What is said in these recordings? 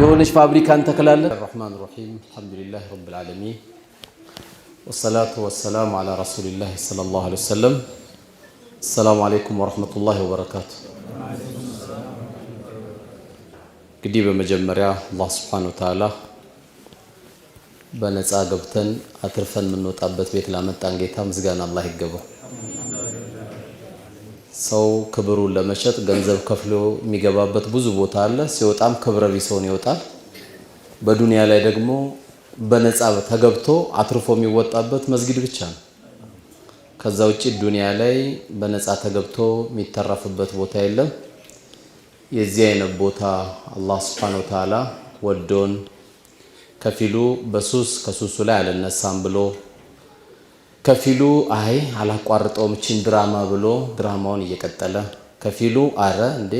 የሆነች ፋብሪካ እንተክላለን። ረሕማን ረሒም አልሐምዱሊላህ ረብል ዓለሚን ወሰላቱ ወሰላሙ ዓላ ረሱሊላህ ሰለላሁ ዓለይሂ ወሰለም። አሰላሙ ዓለይኩም ወረሕመቱላህ ወበረካቱ። እንግዲህ በመጀመሪያ አላህ ስብሓነሁ ወተዓላ በነፃ ገብተን አትርፈን የምንወጣበት ቤት ላመጣን ጌታ ምስጋና አላህ ይገባው። ሰው ክብሩን ለመሸጥ ገንዘብ ከፍሎ የሚገባበት ብዙ ቦታ አለ። ሲወጣም ክብረ ቢሰውን ይወጣል። በዱንያ ላይ ደግሞ በነፃ ተገብቶ አትርፎ የሚወጣበት መስጊድ ብቻ ነው። ከዛ ውጭ ዱንያ ላይ በነፃ ተገብቶ የሚተረፍበት ቦታ የለም። የዚህ አይነት ቦታ አላህ ሱብሓነሁ ወተዓላ ወዶን ከፊሉ በሱስ ከሱሱ ላይ አልነሳም ብሎ ከፊሉ አይ አላቋርጠውም ችን ድራማ ብሎ ድራማውን እየቀጠለ ከፊሉ አረ እንዴ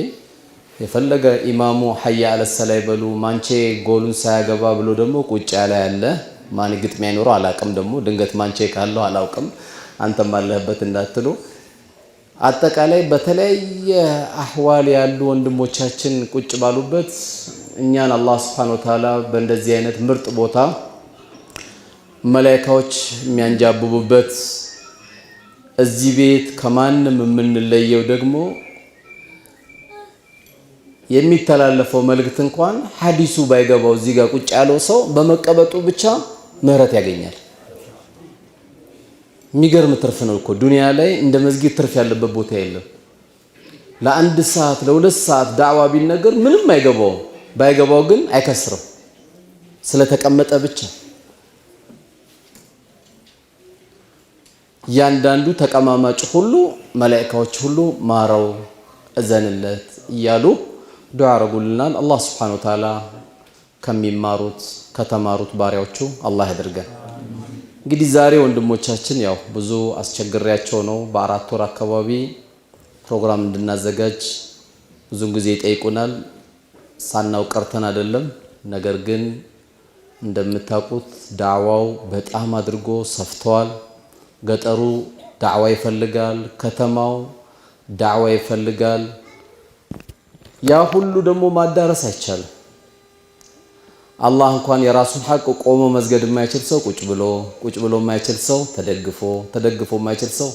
የፈለገ ኢማሙ ሀያ አለሰላ በሉ ማንቼ ጎሉን ሳያገባ ብሎ ደግሞ ቁጭ ያለ ያለ ማን ግጥሚያ ይኖረው አላቅም። ደግሞ ድንገት ማንቼ ካለው አላውቅም አንተም አለህበት እንዳትሉ። አጠቃላይ በተለያየ አህዋል ያሉ ወንድሞቻችን ቁጭ ባሉበት እኛን አላህ ስብሐነሁ ወተዓላ በእንደዚህ አይነት ምርጥ ቦታ መላይካዎች የሚያንጃብቡበት እዚህ ቤት ከማንም የምንለየው ደግሞ የሚተላለፈው መልእክት እንኳን ሀዲሱ ባይገባው እዚህ ጋር ቁጭ ያለው ሰው በመቀበጡ ብቻ ምህረት ያገኛል። የሚገርም ትርፍ ነው እኮ ዱንያ ላይ እንደ መስጊድ ትርፍ ያለበት ቦታ የለም። ለአንድ ሰዓት ለሁለት ሰዓት ዳዕዋ ቢነገር ምንም አይገባውም። ባይገባው ግን አይከስርም ስለተቀመጠ ብቻ እያንዳንዱ ተቀማማጭ ሁሉ መላኢካዎች ሁሉ ማረው እዘንለት እያሉ ዱዓ አረጉልናል። አላህ ስብሓነሁ ወተዓላ ከሚማሩት ከተማሩት ባሪያዎቹ አላህ ያድርገን። እንግዲህ ዛሬ ወንድሞቻችን ያው ብዙ አስቸግሬያቸው ነው። በአራት ወር አካባቢ ፕሮግራም እንድናዘጋጅ ብዙን ጊዜ ይጠይቁናል። ሳናው ቀርተን አይደለም። ነገር ግን እንደምታውቁት ዳዕዋው በጣም አድርጎ ሰፍተዋል። ገጠሩ ዳዕዋ ይፈልጋል፣ ከተማው ዳዕዋ ይፈልጋል። ያ ሁሉ ደግሞ ማዳረስ አይቻልም። አላህ እንኳን የራሱን ሀቅ ቆሞ መስገድ የማይችል ሰው ቁጭ ብሎ ቁጭ ብሎ የማይችል ሰው ተደግፎ ተደግፎ የማይችል ሰው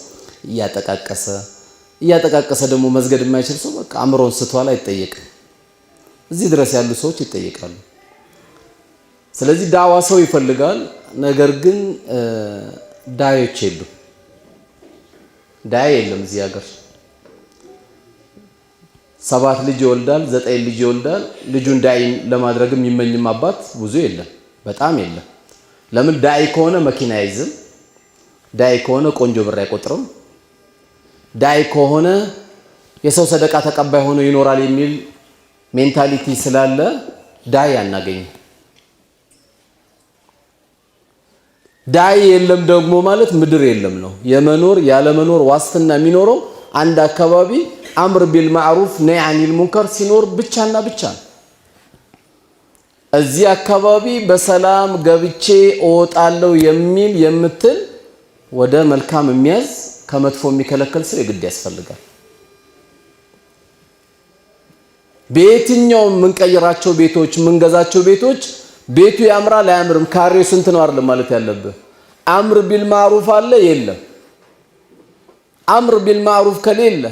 እያጠቃቀሰ እያጠቃቀሰ ደግሞ መስገድ የማይችል ሰው በቃ አእምሮን ስቷል፣ አይጠየቅም። እዚህ ድረስ ያሉ ሰዎች ይጠየቃሉ። ስለዚህ ዳዕዋ ሰው ይፈልጋል ነገር ግን ዳዮች የሉም። ዳይ የለም እዚህ ሀገር። ሰባት ልጅ ይወልዳል፣ ዘጠኝ ልጅ ይወልዳል። ልጁን ዳይ ለማድረግ የሚመኝም አባት ብዙ የለም፣ በጣም የለም። ለምን ዳይ ከሆነ መኪና አይዝም፣ ዳይ ከሆነ ቆንጆ ብር አይቆጥርም፣ ዳይ ከሆነ የሰው ሰደቃ ተቀባይ ሆኖ ይኖራል የሚል ሜንታሊቲ ስላለ ዳይ አናገኝም። ዳይ የለም ደግሞ ማለት ምድር የለም ነው። የመኖር ያለመኖር ዋስትና የሚኖረው አንድ አካባቢ አምር ቢል ማዕሩፍ ነይ አኒል ሙንከር ሲኖር ብቻና ብቻ ነው። እዚህ አካባቢ በሰላም ገብቼ እወጣለሁ የሚል የምትል ወደ መልካም የሚያዝ ከመጥፎ የሚከለከል ስር የግድ ያስፈልጋል። በየትኛውም የምንቀይራቸው ቤቶች የምንገዛቸው ቤቶች ቤቱ ያምራል አያምርም፣ ካሬው ስንት ነው አይደለም ማለት ያለብህ። አምር ቢል ማዕሩፍ አለ የለም። አምር ቢል ማዕሩፍ ከሌለ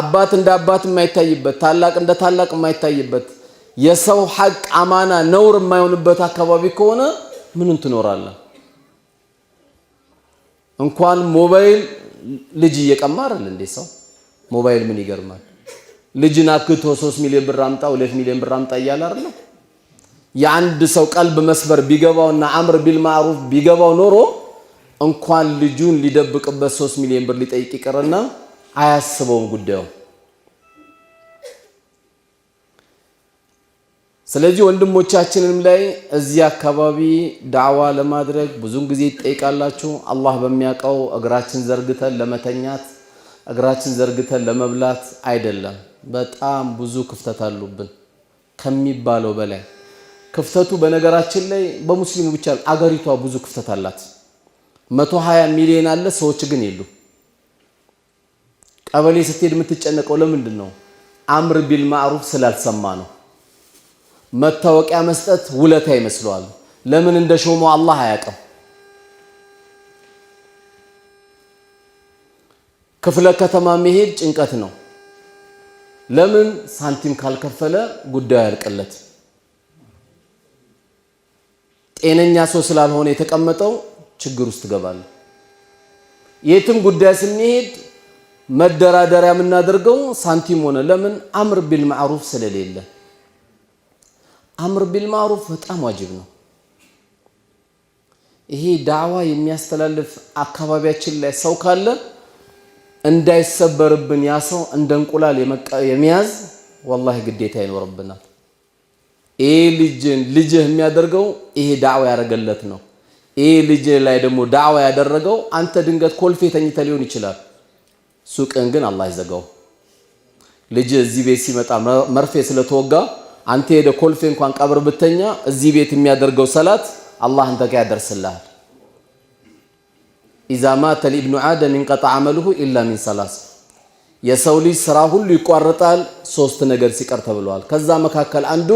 አባት እንደ አባት የማይታይበት ታላቅ እንደ ታላቅ የማይታይበት የሰው ሀቅ አማና ነውር የማይሆንበት አካባቢ ከሆነ ምንም ትኖራለህ? እንኳን ሞባይል ልጅ እየቀማ አይደል እንዴ ሰው። ሞባይል ምን ይገርማል? ልጅን አክቶ 3 ሚሊዮን ብር አምጣ 2 ሚሊዮን ብር አምጣ እያለ አይደል የአንድ ሰው ቀልብ መስበር ቢገባውና አምር ቢል ማዕሩፍ ቢገባው ኖሮ እንኳን ልጁን ሊደብቅበት ሶስት ሚሊዮን ብር ሊጠይቅ ይቅርና አያስበውም ጉዳዩ። ስለዚህ ወንድሞቻችንም ላይ እዚህ አካባቢ ዳዕዋ ለማድረግ ብዙን ጊዜ ይጠይቃላችሁ። አላህ በሚያውቀው እግራችን ዘርግተን ለመተኛት እግራችን ዘርግተን ለመብላት አይደለም። በጣም ብዙ ክፍተት አሉብን ከሚባለው በላይ ክፍተቱ በነገራችን ላይ በሙስሊሙ ብቻ አገሪቷ ብዙ ክፍተት አላት። 120 ሚሊዮን አለ፣ ሰዎች ግን የሉ። ቀበሌ ስትሄድ የምትጨነቀው ለምንድን ነው? አምር ቢል ማዕሩፍ ስላልሰማ ነው። መታወቂያ መስጠት ውለታ ይመስለዋል። ለምን እንደ አላህ አያውቅም። ክፍለ ከተማ መሄድ ጭንቀት ነው። ለምን ሳንቲም ካልከፈለ ጉዳዩ ያልቅለት ጤነኛ ሰው ስላልሆነ የተቀመጠው ችግር ውስጥ ገባል። የትም ጉዳይ ስንሄድ መደራደሪያ የምናደርገው ሳንቲም ሆነ። ለምን አምር ቢል ማዕሩፍ ስለሌለ። አምር ቢል ማዕሩፍ በጣም ዋጅብ ነው። ይሄ ዳዕዋ የሚያስተላልፍ አካባቢያችን ላይ ሰው ካለ እንዳይሰበርብን ያ ሰው እንደ እንቁላል የመያዝ ወላሂ ግዴታ ይኖርብናል። ይሄ ልጅን ልጅህ የሚያደርገው ይሄ ዳዕዋ ያደረገለት ነው። ይሄ ልጅ ላይ ደግሞ ዳዕዋ ያደረገው አንተ ድንገት ኮልፌ ተኝተ ሊሆን ይችላል። ሱቅን ግን አላህ ይዘጋው። ልጅ እዚህ ቤት ሲመጣ መርፌ ስለተወጋ አንተ ሄደ ኮልፌ እንኳን ቀብር ብተኛ እዚህ ቤት የሚያደርገው ሰላት አላህ አንተ ጋር ያደርስልሃል። ኢዛ ማተል ኢብኑ አደም ይንቀጣ አመልሁ ኢላ ሚን ሰላስ የሰው ልጅ ስራ ሁሉ ይቋረጣል ሶስት ነገር ሲቀር ተብለዋል። ከዛ መካከል አንዱ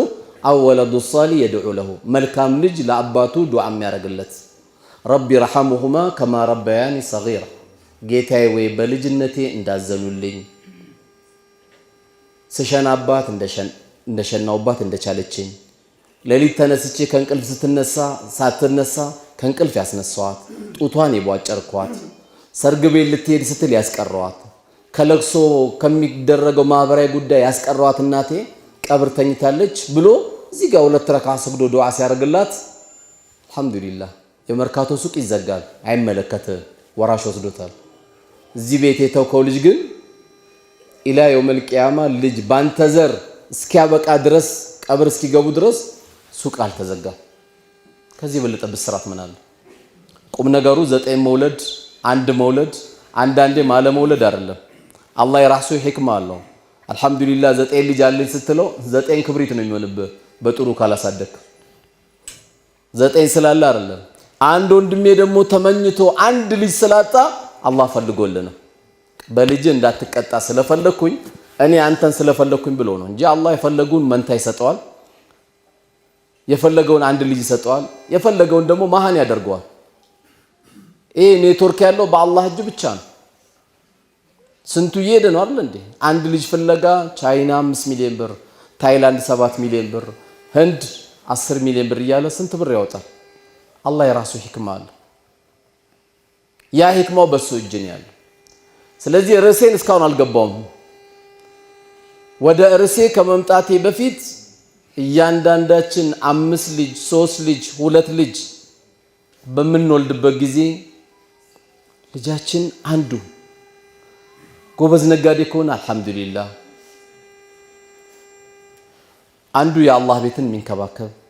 አወለዱ ሳሊ የድዑ ለሁ መልካም ልጅ ለአባቱ ዱዓ የሚያደርግለት ረቢ ረሐሙሁማ ከማ ረባያኒ ሰጊራ ጌታዬ ወይ በልጅነቴ እንዳዘኑልኝ ስሸናባት እንደሸናውባት እንደቻለችኝ ሌሊት ተነስቼ ከእንቅልፍ ስትነሳ ሳትነሳ ከእንቅልፍ ያስነሳዋት ጡቷን የቧጨርኳት ሰርግ ቤት ልትሄድ ስትል ያስቀረዋት ከለቅሶ ከሚደረገው ማህበራዊ ጉዳይ ያስቀረዋት እናቴ ቀብር ተኝታለች ብሎ እዚህ ጋር ሁለት ረካ ሰግዶ ዱዓ ሲያደርግላት አልሐምዱሊላህ የመርካቶ ሱቅ ይዘጋል፣ አይመለከትም፣ ወራሽ ወስዶታል። እዚህ ቤት የተውከው ልጅ ግን ኢላ የውመል ቂያማ ልጅ ባንተ ዘር እስኪያበቃ ድረስ ቀብር እስኪገቡ ድረስ ሱቅ አልተዘጋም። ከዚህ የበለጠ ብስራት ምን አለ? ቁም ነገሩ ዘጠኝ መውለድ አንድ መውለድ አንዳንዴ ማለ መውለድ አይደለም። አላህ የራሱ ሕክማ አለው። አልሐምዱሊላ ዘጠኝ ልጅ አለኝ ስትለው ዘጠኝ ክብሪት ነው የሚሆንብህ በጥሩ ካላሳደግ። ዘጠኝ ስላለ አይደለም። አንድ ወንድሜ ደግሞ ተመኝቶ አንድ ልጅ ስላጣ አላህ ፈልጎልን ነው። በልጅ እንዳትቀጣ ስለፈለግኩኝ እኔ አንተን ስለፈለግኩኝ ብሎ ነው እንጂ አላህ የፈለገውን መንታ ይሰጠዋል፣ የፈለገውን አንድ ልጅ ይሰጠዋል፣ የፈለገውን ደግሞ መሀን ያደርገዋል። ይህ ኔትወርክ ያለው በአላህ እጅ ብቻ ነው። ስንቱ እየሄደ ነው አይደል እንዴ? አንድ ልጅ ፍለጋ ቻይና 5 ሚሊዮን ብር፣ ታይላንድ 7 ሚሊዮን ብር፣ ህንድ 10 ሚሊዮን ብር እያለ ስንት ብር ያወጣል። አላህ የራሱ ሂክማ አለ። ያ ህክማው በሱ እጅ ነው ያለ። ስለዚህ ርዕሴን እስካሁን አልገባውም። ወደ ርዕሴ ከመምጣቴ በፊት እያንዳንዳችን አምስት ልጅ፣ ሶስት ልጅ፣ ሁለት ልጅ በምንወልድበት ጊዜ ልጃችን አንዱ ጎበዝ ነጋዴ ከሆነ አልሐምዱሊላህ። አንዱ የአላህ ቤትን የሚንከባከብ